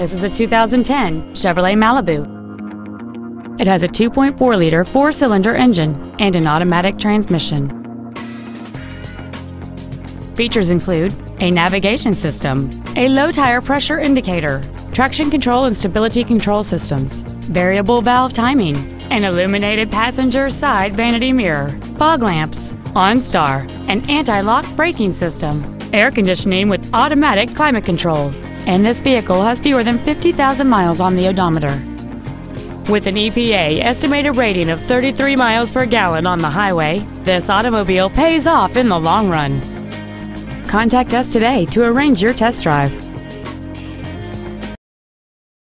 This is a 2010 Chevrolet Malibu. It has a 2.4 liter four cylinder engine and an automatic transmission. Features include a navigation system, a low tire pressure indicator, traction control and stability control systems, variable valve timing, an illuminated passenger side vanity mirror, fog lamps, OnStar, an anti-lock braking system, air conditioning with automatic climate control, and this vehicle has fewer than 50,000 miles on the odometer. With an EPA estimated rating of 33 miles per gallon on the highway, this automobile pays off in the long run. Contact us today to arrange your test drive.